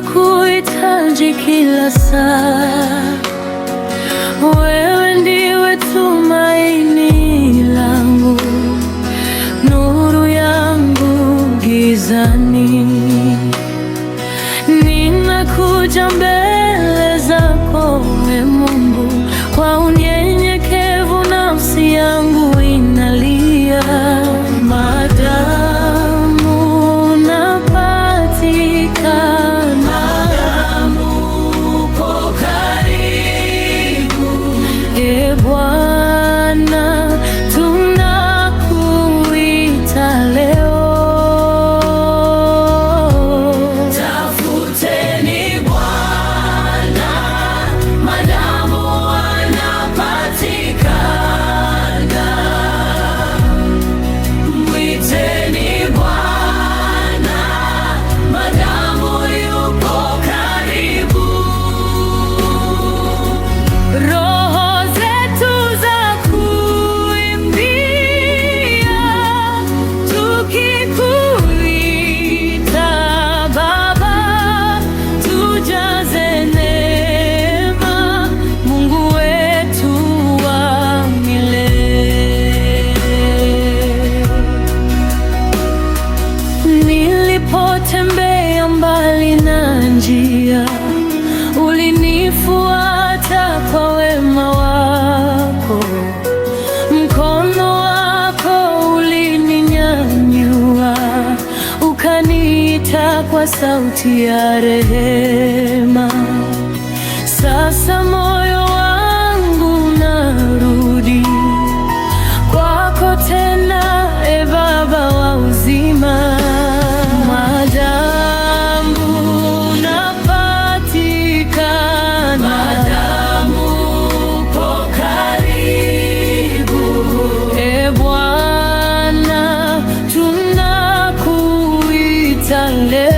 nakuhitaji kila saa, wewe ndiwe tuma njia, ulinifuata kwa wema wako, mkono wako ulininyanyua, ukaniita kwa sauti ya rehema. Sasa senle